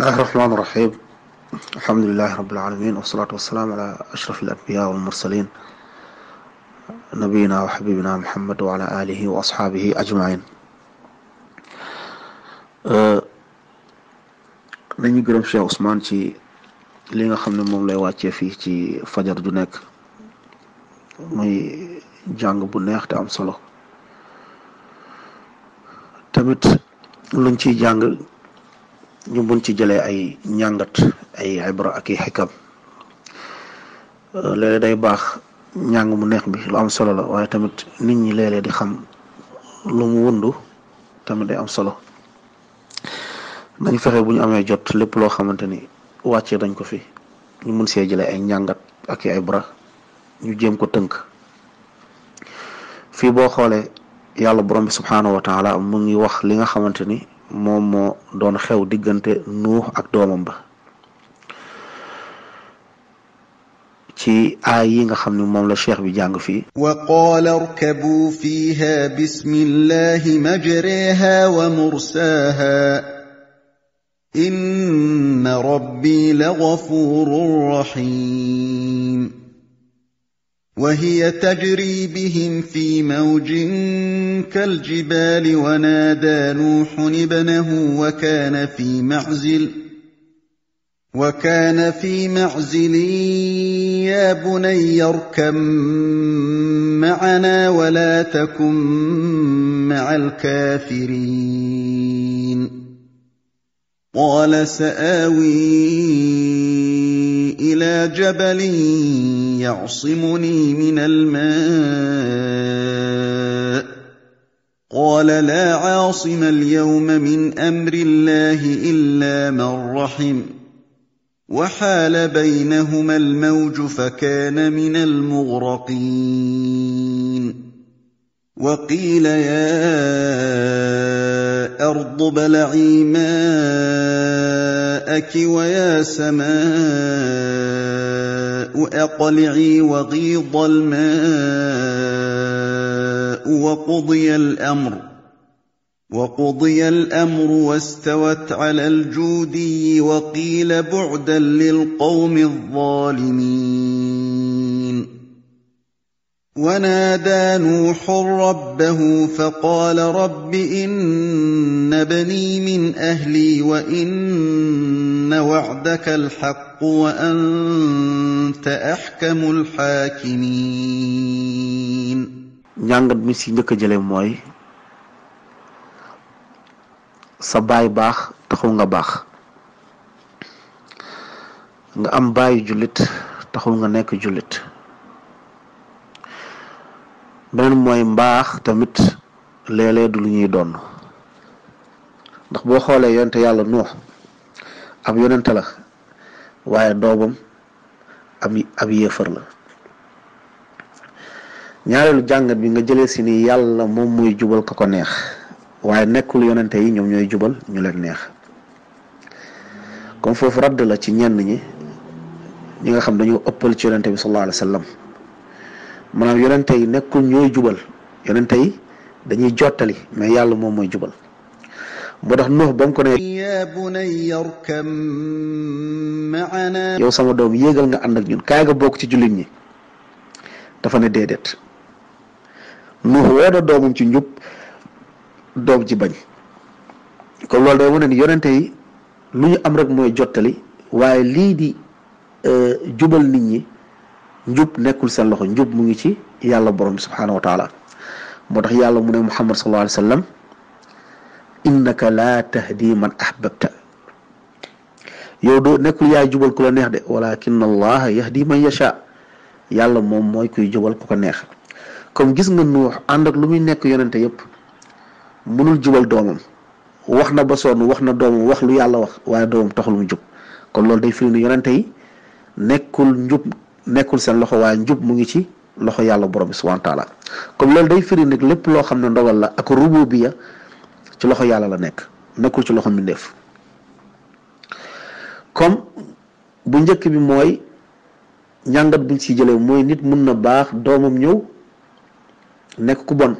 بسم الله الرحمن الرحيم الحمد لله رب العالمين والصلاة والسلام على أشرف الأنبياء والمرسلين نبينا وحبيبنا محمد وعلى آله وأصحابه أجمعين nañu gërëm Cheikh Ousmane ci li nga xam ne moom lay تي فجر دونك مي ju nekk muy jàng bu neex te am ñu bun ci jëlee ay ñàngat ay ibra ak i xikam day baax ñàng mu neex bi lu am solo la waaye tamit nit ñi léeg di xam lu mu wundu tamit day am solo nañ fexe bu ñu amee jot lépp loo xamante ni wàccee dañ ko fi ñu mën see jëlee ay ñàngat ak ay bra ñu jéem ko tënk fii boo xoolee yàlla borom bi subhanahu wa taala mu ngi wax li nga xamante ni moom moo doon xew diggante nuux ak doomam ba ci aay yi nga xam ne moom la cheikh bi jàng fii wa qaala irkabuu fiiha bismillahi majreha wa mursaha inna rabbi la gafurun rahim wa hiya tajri bihim fi mawjin كالجبال ونادى نوح ابنه وكان في معزل وكان في معزل يا بني اركم معنا ولا تكن مع الكافرين قال ساوي الى جبل يعصمني من الماء قال لا عاصم اليوم من امر الله الا من رحم وحال بينهما الموج فكان من المغرقين وقيل يا ارض بلعي ماءك ويا سماء أَقْلِعِي وَغِيضَ الْمَاءُ وَقُضِيَ الْأَمْرُ وَقُضِيَ الْأَمْرُ وَاسْتَوَتْ عَلَى الْجُودِيِّ وَقِيلَ بُعْدًا لِلْقَوْمِ الظَّالِمِينَ ونادى نوح ربه فقال رب ان بني من اهلي وان وعدك الحق وانت احكم الحاكمين جانغد مي سي نك موي سا باخ تخو باخ nga am باي جوليت تخو nga نيك benen mooy mbaax tamit léeg-léeg du lu ñuy doon ndax boo xoolee yonte yàlla nuux am yonente la waaye doomam am ab yéefar la ñaareelu jàngat bi nga jëlee si ni yàlla moom mooy jubal ko ko neex waaye nekkul yonente yi ñoom ñooy jubal ñu leen neex comme foofu radd la ci ñenn ñi ñi nga xam dañu ëppal ci yonente bi sallallahu alayhi wa sallam maanaam yonente yi nekkul ñooy jubal yonente yi dañuy jottali mais yàlla moom mooy jubal moo tax nuux ba mu ko ne ya sama doom yéegal nga am ak ñun kaay bokk ci jullit ñi dafa ne déedéet nuux woo na ci njub doom ci bañ kon loolu da wane ni yonente yi lu ñu am rek mooy jottali waaye lii di euh, jubal nit ñi njub nekkul seen loxo njub mu ngi ci yàlla borom bi subhaanahu wa taala moo tax yàlla mu ne muhammad sallallahu alayhi wa sallam innaka laa tahdi man ahbabta yow doo nekkul yaay jubal ku la neex de walakin allah yahdi man yasha yàlla moom mooy kuy jubal ku comme gis nga nuux ànd ak lu muy nekk yonente yépp mënul jubal doomam wax na ba sonn wax na doomam wax lu yàlla wax waaye doomam taxul mu jub kon loolu day firi ni yi nekkul njub Nekul sen loxo way njub mu ngi ci loxo yalla borom subhanahu wa taala comme lool day firi nek lepp lo xamne ndogal la ak rububiya ci loxo yalla la nekk nekul ci loxo mindeef comme bu njëkk bi moy ñangat buñ ci jëlé moy nit mën na baax doomum ñew nekk ku bon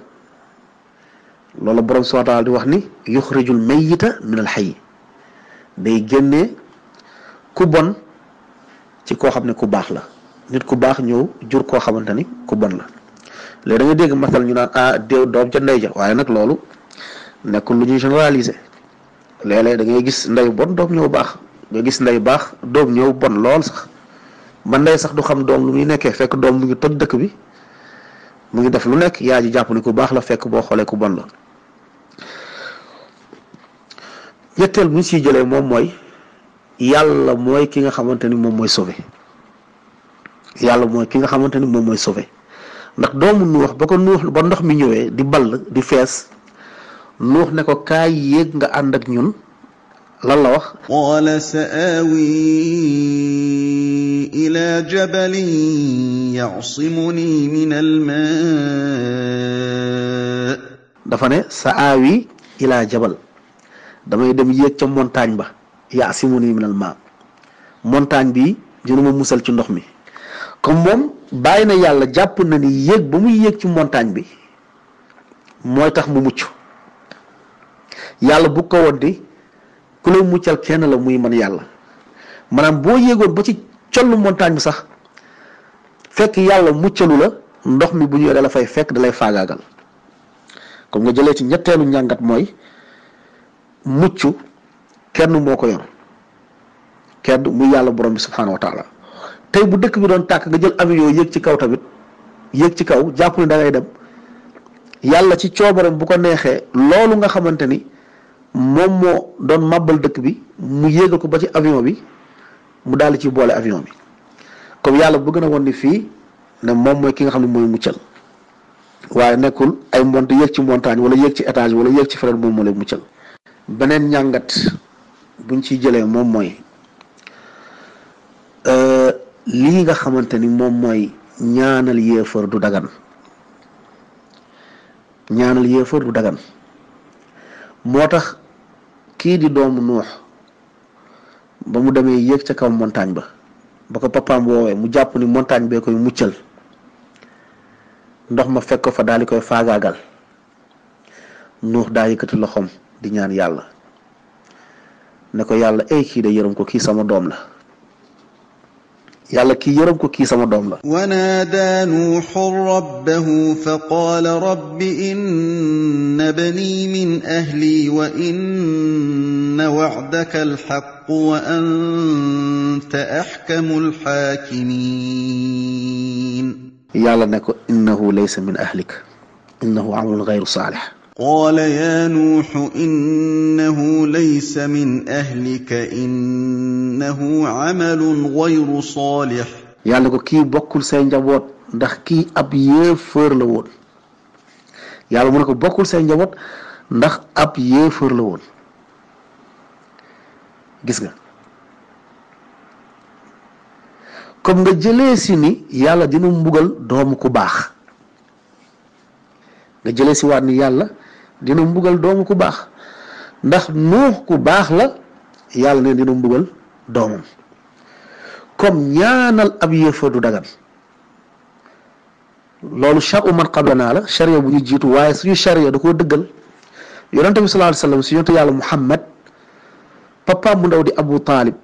loolu borom subhanahu taala di wax ni yukhrijul mayyita min al hayy day génnee ku bon ci ko xam ku baax la nit ku baax ñëw jur koo xamante ni ku bon la léegi da dégg masal ñu naan ah déew doom ca ndey ja waaye nag loolu nekkul lu ñuy généraliser léeg-léeg da ngay gis ndeyu bon doom ñëw baax nga gis ndey baax doom ñëw bon lool sax ba ndey sax du xam doom lu muy nekkee fekk doom mu ngi toj dëkk bi mu ngi def lu nekk yaa ji jàpp ni ku baax la fekk boo xoolee ku bon la ñetteel bu ñu siy jëlee moom mooy yàlla mooy ki nga xamante ni moom mooy sauver. yàlla mooy ki nga xamante ni moom mooy sauvé ndax doomu nuux ba ko nuux ba ndox mi ñëwee di ball di fees nuux ne ko kaay yéeg nga ànd ak ñun lan la wax qaala saawi ila jabalin yasimuni min alma dafa ne saawi ila jabal damay dem yéeg ca montagne ba yasimuni min alma montagne bi dina ma musal ci ndox mi comme moom bàyyi na yàlla jàpp na ni yéeg ba muy yéeg ci montagne bi mooy tax mu mucc yàlla bu ko woon di ku lay muccal kenn la muy man yàlla maanaam boo yéegoon ba ci collu montagne bi sax fekk yàlla muccalu la ndox mi bu ñëwee da la fekk dalay faagaagal comme nga jëlee ci ñetteelu ñàngat mooy mucc kenn moo ko yor kenn mu yàlla borom bi subhanahu tey bu dëkk bi doon tàkk nga jël avion yooyu yéeg ci kaw tamit yéeg ci kaw jàpp ne da dem yàlla ci coobaram bu ko neexee loolu nga xamante ni moom moo doon màbbal dëkk bi mu yéegal ko ba ci avion bi mu daal di ci boole avion bi comme yàlla bëgg na woon ni fii ne moom mooy ki nga xam ne mooy muccal waaye nekkul ay mont yéeg ci montagne wala yéeg ci étage wala yéeg ci feneen moom moo lay muccal beneen ñàngat buñ ci jëlee moom mooy euh, lii nga xamante ni moom mooy ñaanal yéefar du dagan ñaanal yéefar du dagan moo tax kii di doomu nuux ba mu demee yéeg ca kaw montagne ba ba ko papaam woowee mu jàpp ni montagne bee koy muccal ndox ma fekk ko fa daal di koy faagaagal nuux daa yëkkati loxoom di ñaan yàlla ne ko yàlla ay kii de yërëm ko kii sama doom la يلا كي يربكو كي سما دوم لا ونادى نوح ربه فقال رب ان بني من اهلي وان وعدك الحق وانت احكم الحاكمين يلا نكو انه ليس من اهلك انه عمل غير صالح قال يا نوح انه ليس من اهلك ان innahu amalun ghayru salih yalla ko ki bokul say njabot ndax ki ab yeufeur la won yalla mu ko bokul say njabot ndax ab yeufeur la won gis nga comme nga jele si ni yàlla dina mbugal dom ku bax nga jele si wat ni yalla dina mbugal dom ku bax ndax nuh ku bax la yalla ne dina mbugal doomam comme ñaanal ab yéefar du dagan loolu charu man qablanaa la charia bu ñu jiitu waaye suñu charia da koo dëggal yonente bi sallallahu alayhi wasallam yàlla muhammad papaam bu ndaw di abu taalib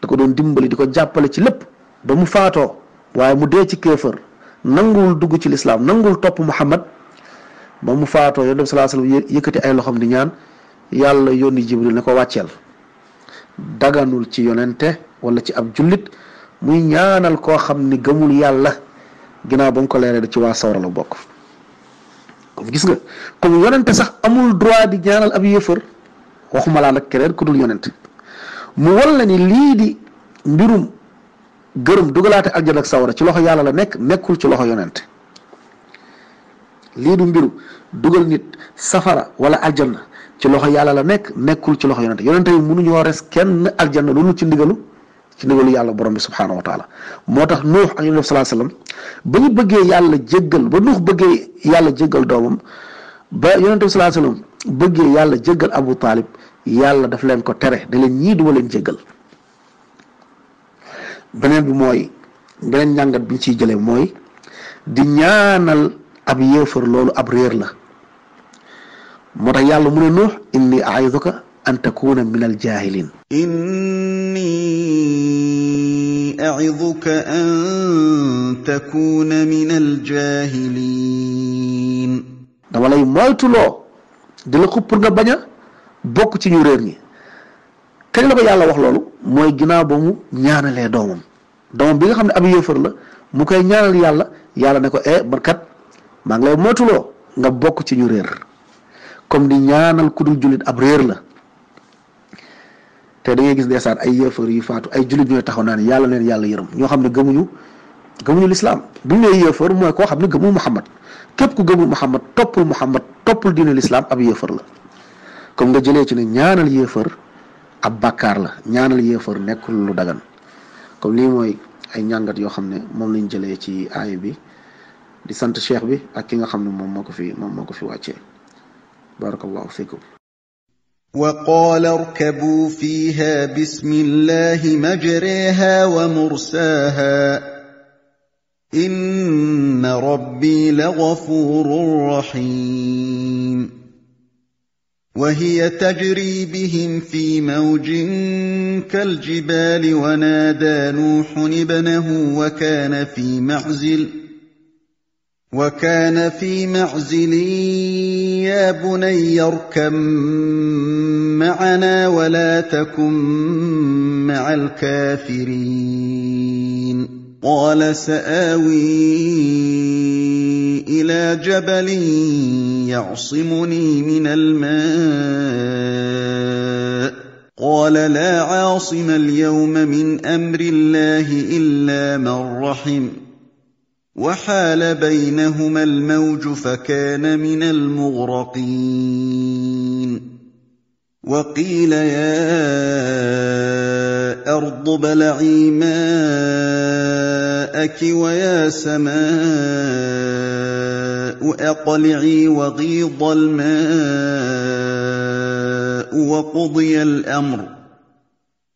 da ko doon dimbali di ko jàppale ci lépp ba mu faatoo waaye mu dee ci kéefër nanguwul dugg ci lislaam nanguwul topp muhammad ba mu faatoo yonente bi sallallahu alayhi yëkkati ay loxam di ñaan yàlla yónni jibril ne ko wàcceel daganul ci yonente wala ci ab jullit muy ñaanal koo xam ni gëmul yàlla ginnaaw ba mu ko da ci waa sawara la bokk comme gis nga comme yonente sax amul droit di ñaanal ab yëfër waxuma laa nag keneen ku dul yonente mu wal la ni lii di mbirum gërëm dugalaate aljana ak sawara ci loxo yàlla la nekk nekkul ci loxo yonente lii du mbiru dugal nit safara wala aljanna ci loxo yàlla la nekk nekkul ci loxo yonente yonente yi mënuñoo res kenn aljanna loolu ci ndigalu ci ndigalu yàlla borom bi subhaanahu wa taala moo tax nuux ak yonente bi salaa sallam ba ñu bëggee yàlla jéggal ba nuux bëggee yàlla jéggal doomam ba yonente bi bëggee yàlla jéggal abu taalib yàlla daf leen ko tere daleen leen ñii duma leen jéggal beneen bi mooy beneen njàngat bi ci ciy jëlee mooy di ñaanal ab yéefar loolu ab réer la moo tax yàlla mu ne nuux inni aiduka an takuna min al jaahilin inni aiduka an takuna min al jaahilin dama lay moytuloo di la ko pour nga bañ a bokk ci ñu réer ñi kañ la ko yàlla wax loolu mooy ginnaaw ba mu ñaanalee doomam doomam bi nga xam ne ab la mu koy ñaanal yàlla yàlla ne ko e eh, barkat maa ngi lay moytuloo nga bokk ci ñu réer comme di ñaanal ku dul jullit ab réer la te da ngay gis ndeysaan ay yéefar yu faatu ay jullit ñooy taxaw naan yàlla leen yàlla yërëm ñoo xam ne gëmuñu gëmuñu lislaam bu ñu nee yéefar mooy koo xam ne gëmul Muhammad képp ku gëmul Muhammad toppul Muhammad toppul diine lislaam ab yéefar la comme nga jëlee ci ne ñaanal yéefar ab bàkkaar la ñaanal yéefar nekkul lu dagan comme lii mooy ay ñàngat yoo xam ne moom lañ jëlee ci aaya bi di sant cheikh bi ak ki nga xam ne moom moo ko fi moom moo ko fi wàccee بارك الله فيكم وقال اركبوا فيها بسم الله مجريها ومرساها ان ربي لغفور رحيم وهي تجري بهم في موج كالجبال ونادى نوح ابنه وكان في معزل وكان في معزل يا بني اركم معنا ولا تكن مع الكافرين قال ساوي الى جبل يعصمني من الماء قال لا عاصم اليوم من امر الله الا من رحم وحال بينهما الموج فكان من المغرقين وقيل يا ارض بلعي ماءك ويا سماء اقلعي وغيض الماء وقضي الامر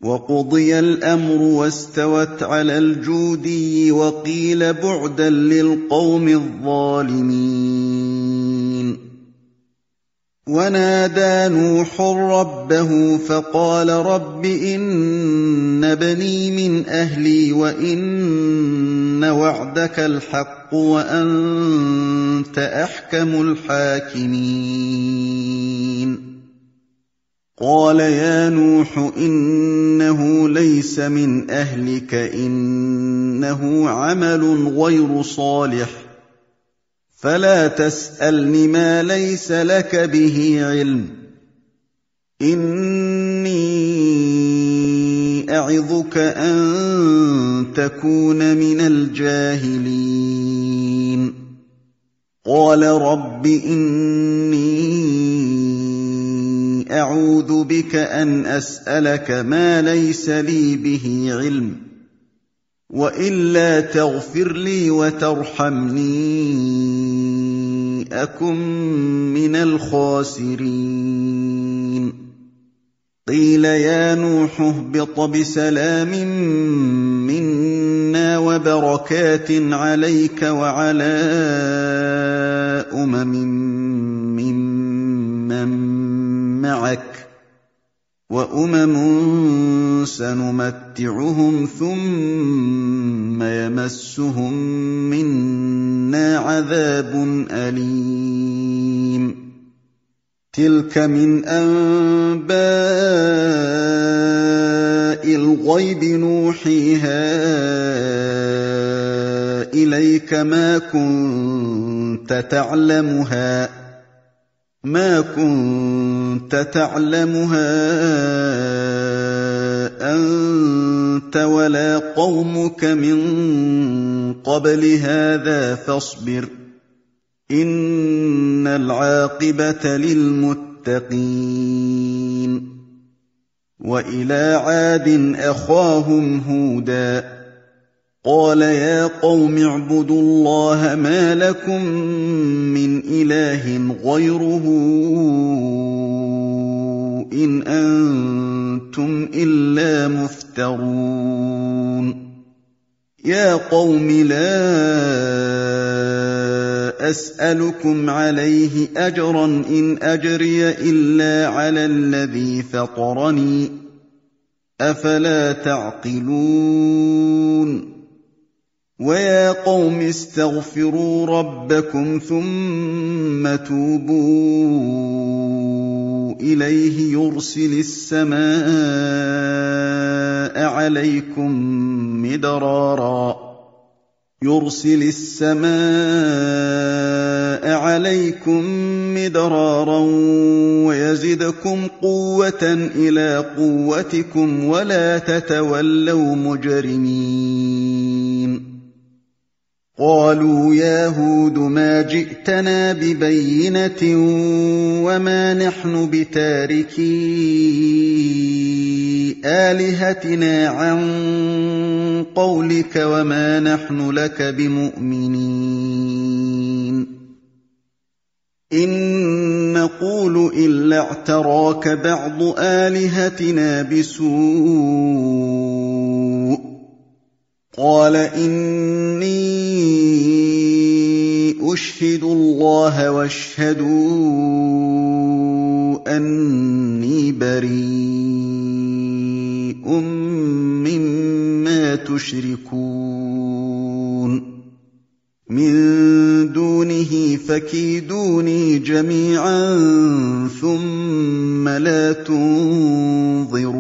وَقُضِيَ الْأَمْرُ وَاسْتَوَتْ عَلَى الْجُودِيِّ وَقِيلَ بُعْدًا لِلْقَوْمِ الظَّالِمِينَ وَنَادَى نُوحٌ رَبَّهُ فَقَالَ رَبِّ إِنَّ بَنِي مِنْ أَهْلِي وَإِنَّ وَعْدَكَ الْحَقُّ وَأَنْتَ أَحْكَمُ الْحَاكِمِينَ قال يا نوح انه ليس من اهلك انه عمل غير صالح فلا تسالني ما ليس لك به علم اني اعظك ان تكون من الجاهلين قال رب اني اعوذ بك ان اسالك ما ليس لي به علم والا تغفر لي وترحمني اكن من الخاسرين قيل يا نوح اهبط بسلام منا وبركات عليك وعلى امم ممن من معك وامم سنمتعهم ثم يمسهم منا عذاب اليم تلك من انباء الغيب نوحيها اليك ما كنت تعلمها ما كنت تعلمها انت ولا قومك من قبل هذا فاصبر ان العاقبه للمتقين والى عاد اخاهم هودا قال يا قوم اعبدوا الله ما لكم من اله غيره ان انتم الا مفترون يا قوم لا اسالكم عليه اجرا ان اجري الا على الذي فطرني افلا تعقلون وَيَا قَوْمِ اسْتَغْفِرُوا رَبَّكُمْ ثُمَّ تُوبُوا إِلَيْهِ يُرْسِلِ السَّمَاءَ عَلَيْكُمْ مِدْرَارًا يُرْسِلِ السَّمَاءَ عَلَيْكُمْ مِدْرَارًا وَيَزِدْكُمْ قُوَّةً إِلَى قُوَّتِكُمْ وَلَا تَتَوَلَّوْا مُجْرِمِينَ قالوا يا هود ما جئتنا ببينة وما نحن بتاركي آلهتنا عن قولك وما نحن لك بمؤمنين إن نقول إلا اعتراك بعض آلهتنا بسوء قال إني أشهد الله واشهدوا اني بريء مما تشركون من دونه فكيدوني جميعا ثم لا تنظرون